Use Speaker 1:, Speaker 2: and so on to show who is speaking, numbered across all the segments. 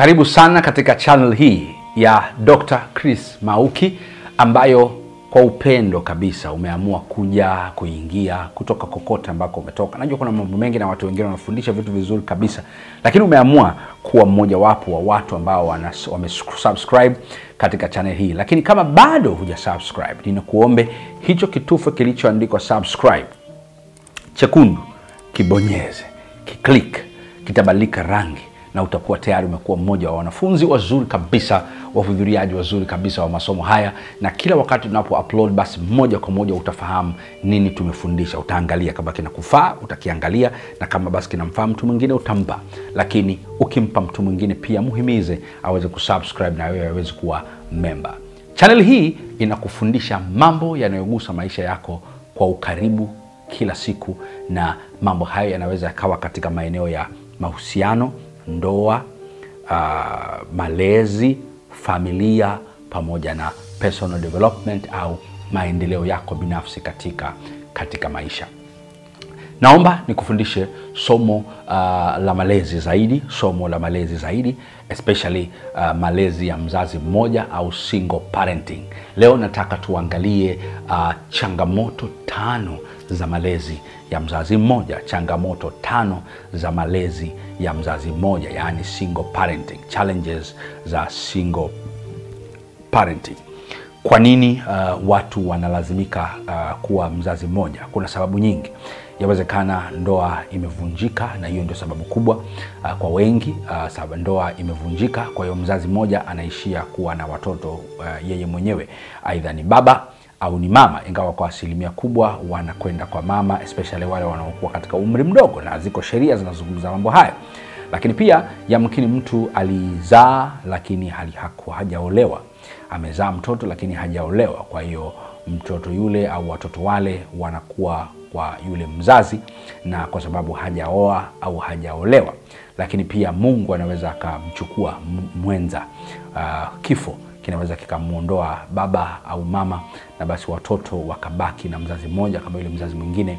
Speaker 1: Karibu sana katika chanel hii ya Dr. Chris Mauki ambayo kwa upendo kabisa umeamua kuja kuingia kutoka kokote ambako umetoka. Najua kuna mambo mengi na watu wengine wanafundisha vitu vizuri kabisa, lakini umeamua kuwa mmojawapo wa watu ambao wamesubscribe katika chanel hii. Lakini kama bado huja ninakuombe hicho kitufe kilichoandikwa subscribe chekundu kibonyeze, kiklik, kitabadilika rangi na utakuwa tayari umekuwa mmoja wa wanafunzi wazuri kabisa, wahudhuriaji wazuri kabisa wa masomo haya, na kila wakati tunapo upload basi moja kwa moja utafahamu nini tumefundisha. Utaangalia kama kinakufaa utakiangalia, na kama basi kinamfaa mtu mwingine utampa, lakini ukimpa mtu mwingine pia muhimize aweze kusubscribe na wewe aweze kuwa memba. Channel hii inakufundisha mambo yanayogusa maisha yako kwa ukaribu kila siku, na mambo hayo yanaweza yakawa katika maeneo ya mahusiano ndoa, uh, malezi, familia pamoja na personal development au maendeleo yako binafsi katika, katika maisha. Naomba nikufundishe somo uh, la malezi zaidi, somo la malezi zaidi especially uh, malezi ya mzazi mmoja au single parenting. Leo nataka tuangalie uh, changamoto tano za malezi ya mzazi mmoja, changamoto tano za malezi ya mzazi mmoja, yaani single parenting, challenges za single parenting. Kwa nini uh, watu wanalazimika uh, kuwa mzazi mmoja? Kuna sababu nyingi yawezekana ndoa imevunjika, na hiyo ndio sababu kubwa uh, kwa wengi uh, sababu ndoa imevunjika. Kwa hiyo mzazi mmoja anaishia kuwa na watoto uh, yeye mwenyewe, aidha ni baba au ni mama, ingawa kwa asilimia kubwa wanakwenda kwa mama, especially wale wanaokuwa katika umri mdogo, na ziko sheria zinazozungumza mambo hayo. Lakini pia yamkini mtu alizaa lakini hajaolewa, amezaa mtoto lakini hajaolewa, kwa hiyo mtoto yule au watoto wale wanakuwa kwa yule mzazi, na kwa sababu hajaoa au hajaolewa. Lakini pia Mungu anaweza akamchukua mwenza. Uh, kifo kinaweza kikamwondoa baba au mama, na basi watoto wakabaki na mzazi mmoja, kama yule mzazi mwingine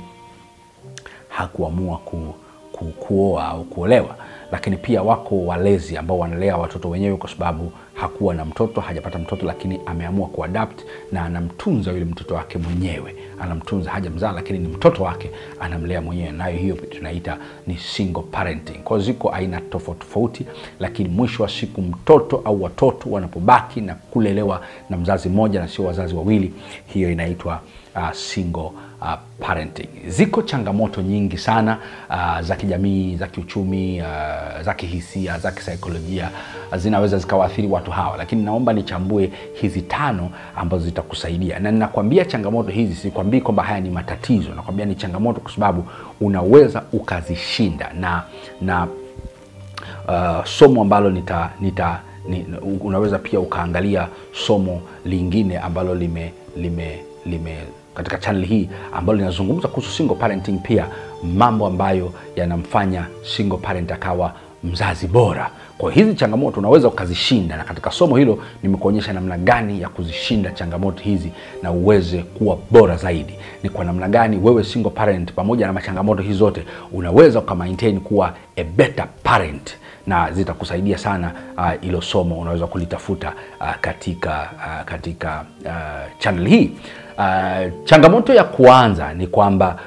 Speaker 1: hakuamua ku, ku, kuoa au kuolewa. Lakini pia wako walezi ambao wanalea watoto wenyewe kwa sababu hakuwa na mtoto hajapata mtoto lakini ameamua kuadapt na anamtunza yule mtoto wake mwenyewe anamtunza haja mzaa lakini ni mtoto wake anamlea mwenyewe nayo hiyo tunaita ni single parenting kwao ziko aina tofauti tofauti lakini mwisho wa siku mtoto au watoto wanapobaki na kulelewa na mzazi mmoja na sio wazazi wawili hiyo inaitwa uh, single uh, parenting. Ziko changamoto nyingi sana uh, za kijamii, za kiuchumi, uh, za kihisia, za kisaikolojia uh, zinaweza zikawaathiri watu hawa, lakini naomba nichambue hizi tano ambazo zitakusaidia, na ninakwambia changamoto hizi, sikwambii kwamba haya ni matatizo, nakwambia ni changamoto kwa sababu unaweza ukazishinda na, na uh, somo ambalo nita, nita ni, unaweza pia ukaangalia somo lingine ambalo lime, lime, lime katika chaneli hii ambalo linazungumza kuhusu single parenting, pia mambo ambayo yanamfanya single parent akawa mzazi bora. Kwa hizi changamoto unaweza ukazishinda, na katika somo hilo nimekuonyesha namna gani ya kuzishinda changamoto hizi na uweze kuwa bora zaidi. Ni kwa namna gani wewe single parent, pamoja na machangamoto hizi zote, unaweza ukamaintain kuwa a better parent na zitakusaidia sana hilo uh, somo unaweza kulitafuta uh, katika, uh, katika uh, channel hii. Uh, changamoto ya kuanza ni kwamba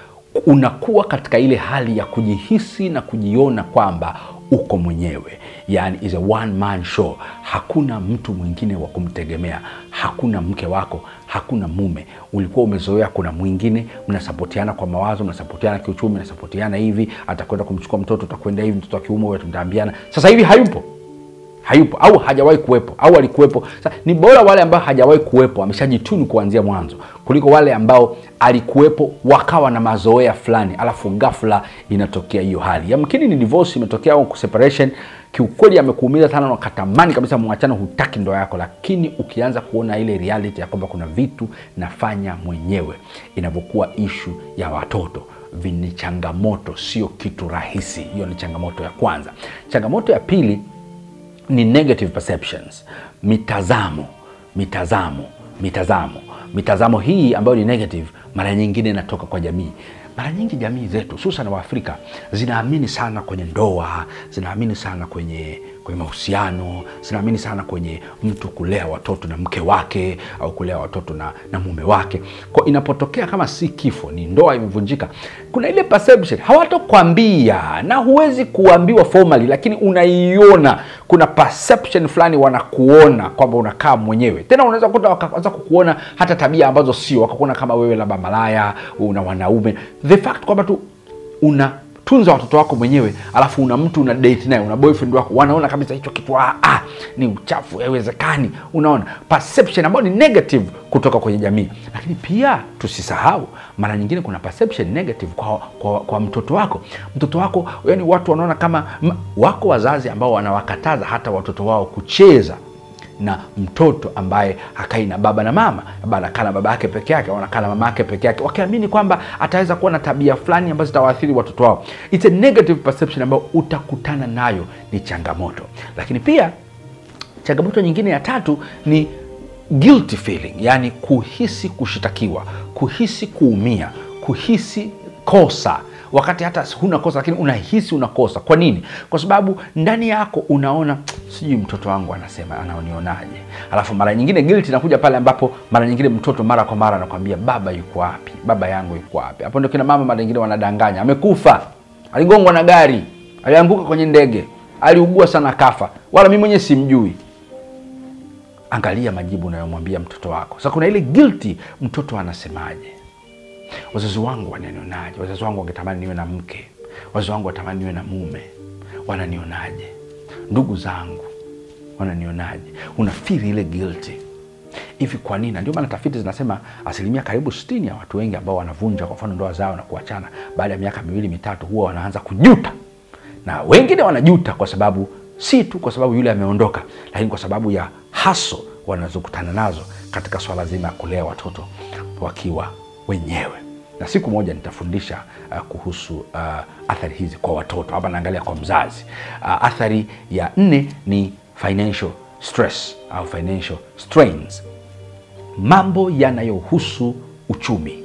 Speaker 1: unakuwa katika ile hali ya kujihisi na kujiona kwamba uko mwenyewe, yani is a one man show. Hakuna mtu mwingine wa kumtegemea, hakuna mke wako, hakuna mume. Ulikuwa umezoea kuna mwingine, mnasapotiana kwa mawazo, mnasapotiana kiuchumi, mnasapotiana hivi, atakwenda kumchukua mtoto, utakwenda hivi, mtoto wa kiume, tutaambiana Sasa hivi hayupo hayupo au hajawahi kuwepo au alikuwepo. ni bora wale ambao hajawahi kuwepo ameshajitunu kuanzia mwanzo kuliko wale ambao alikuwepo wakawa na mazoea fulani, alafu ghafla inatokea hiyo hali. Yamkini ni divorce imetokea au separation, kiukweli amekuumiza sana na katamani kabisa mwachana, hutaki ndoa yako, lakini ukianza kuona ile reality ya kwamba kuna vitu nafanya mwenyewe, inavyokuwa ishu ya watoto ni changamoto, sio kitu rahisi. Hiyo ni changamoto ya kwanza. Changamoto ya pili ni negative perceptions, mitazamo, mitazamo, mitazamo. Mitazamo hii ambayo ni negative mara nyingine inatoka kwa jamii. Mara nyingi jamii zetu hususan Waafrika zinaamini sana kwenye ndoa, zinaamini sana kwenye kwenye mahusiano, sinaamini sana kwenye mtu kulea watoto na mke wake au kulea watoto na, na mume wake. Kwa inapotokea kama si kifo, ni ndoa imevunjika, kuna ile perception hawatokwambia na huwezi kuambiwa formally, lakini unaiona, kuna perception fulani wanakuona kwamba unakaa mwenyewe. Tena unaweza kukuta wakaanza kukuona hata tabia ambazo sio, wakakuona kama wewe labda malaya, una wanaume, the fact kwamba tu una tunza watoto wako mwenyewe alafu una mtu una date naye una boyfriend wako wanaona kabisa hicho kitu ah, ah, ni uchafu haiwezekani unaona perception ambayo ni negative kutoka kwenye jamii lakini pia tusisahau mara nyingine kuna perception negative kwa, kwa, kwa mtoto wako mtoto wako yani watu wanaona kama m, wako wazazi ambao wanawakataza hata watoto wao kucheza na mtoto ambaye hakai na baba na mama, anakaa na baba yake peke yake au anakaa na mama yake peke yake, wakiamini kwamba ataweza kuwa na tabia fulani ambazo zitawaathiri watoto wao. It's a negative perception ambayo utakutana nayo, ni changamoto. Lakini pia changamoto nyingine ya tatu ni guilty feeling, yani kuhisi kushitakiwa, kuhisi kuumia, kuhisi kosa wakati hata huna kosa, lakini unahisi unakosa. Kwa nini? Kwa sababu ndani yako unaona sijui mtoto wangu anasema anaonionaje. Alafu mara nyingine guilt inakuja pale ambapo mara nyingine mtoto mara kwa mara anakwambia baba yuko wapi, baba yangu yuko wapi. Hapo ndio kina mama mara nyingine wanadanganya, amekufa, aligongwa na gari, alianguka kwenye ndege, aliugua sana kafa, wala mi mwenyewe simjui. Angalia majibu unayomwambia mtoto wako. Sasa kuna ile guilty, mtoto anasemaje? Wazazi wangu wananionaje? Wazazi wangu wangetamani niwe na mke, wazazi wangu watamani niwe na mume, wananionaje? Ndugu zangu wananionaje? Unafiri ile guilty hivi kwa nini? Ndio maana tafiti zinasema asilimia karibu sitini ya watu wengi ambao wanavunja kwa mfano ndoa zao na kuachana baada ya miaka miwili mitatu, huwa wanaanza kujuta, na wengine wanajuta kwa sababu si tu kwa sababu yule ameondoka, lakini kwa sababu ya haso wanazokutana nazo katika swala zima ya kulea watoto wakiwa wenyewe na siku moja nitafundisha uh, kuhusu uh, athari hizi kwa watoto. Hapa naangalia kwa mzazi. Uh, athari ya nne ni financial stress au financial strains, mambo yanayohusu uchumi.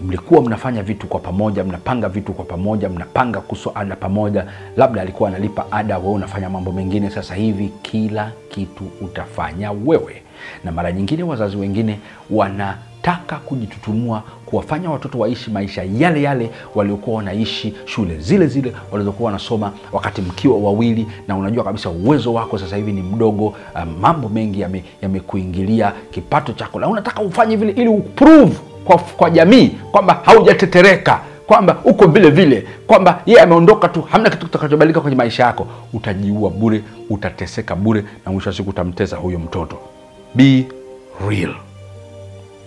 Speaker 1: Mlikuwa mnafanya vitu kwa pamoja, mnapanga vitu kwa pamoja, mnapanga kuso ada pamoja, labda alikuwa analipa ada, wewe unafanya mambo mengine. Sasa hivi kila kitu utafanya wewe, na mara nyingine wazazi wengine wana kutaka kujitutumua kuwafanya watoto waishi maisha yale yale waliokuwa wanaishi shule zile zile walizokuwa wanasoma wakati mkiwa wawili na unajua kabisa uwezo wako sasa hivi ni mdogo um, mambo mengi yamekuingilia yame kipato chako na unataka ufanye vile ili uprove kwa, kwa jamii kwamba haujatetereka kwamba uko vile vile kwamba yeye yeah, ameondoka tu hamna kitu kitakachobadilika kwenye maisha yako utajiua bure utateseka bure na mwisho wa siku utamteza huyo mtoto be real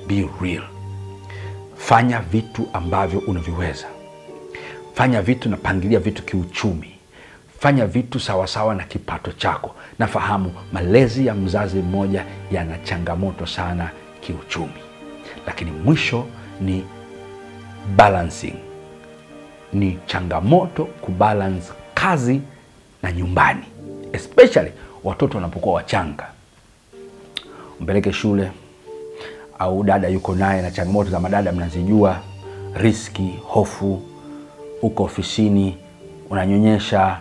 Speaker 1: Be real. Fanya vitu ambavyo unaviweza. Fanya vitu na pangilia vitu kiuchumi. Fanya vitu sawasawa sawa na kipato chako. Nafahamu malezi ya mzazi mmoja yana changamoto sana kiuchumi, lakini mwisho ni balancing. Ni changamoto kubalance kazi na nyumbani, especially watoto wanapokuwa wachanga, mpeleke shule au dada yuko naye na changamoto za madada mnazijua, riski, hofu, uko ofisini, unanyonyesha,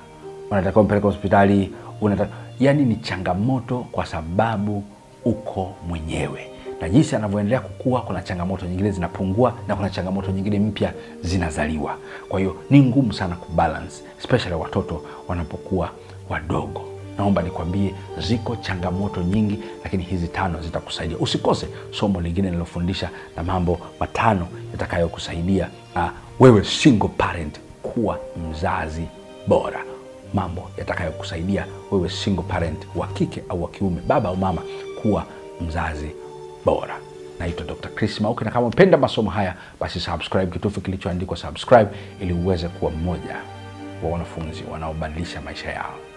Speaker 1: unatakiwa mpeleke hospitali, unata... yani ni changamoto kwa sababu uko mwenyewe na jinsi anavyoendelea kukua, kuna changamoto nyingine zinapungua na kuna changamoto nyingine mpya zinazaliwa. Kwa hiyo ni ngumu sana kubalance, especially watoto wanapokuwa wadogo naomba nikwambie ziko changamoto nyingi, lakini hizi tano zitakusaidia. Usikose somo lingine linalofundisha na mambo matano yatakayokusaidia uh, wewe single parent kuwa mzazi bora mambo yatakayokusaidia wewe single parent wa kike au wa kiume, baba au mama, kuwa mzazi bora. Naitwa Dr. Chris mauke na kama umependa masomo haya, basi subscribe kitufu kilichoandikwa subscribe, ili uweze kuwa mmoja wa wanafunzi wanaobadilisha maisha yao.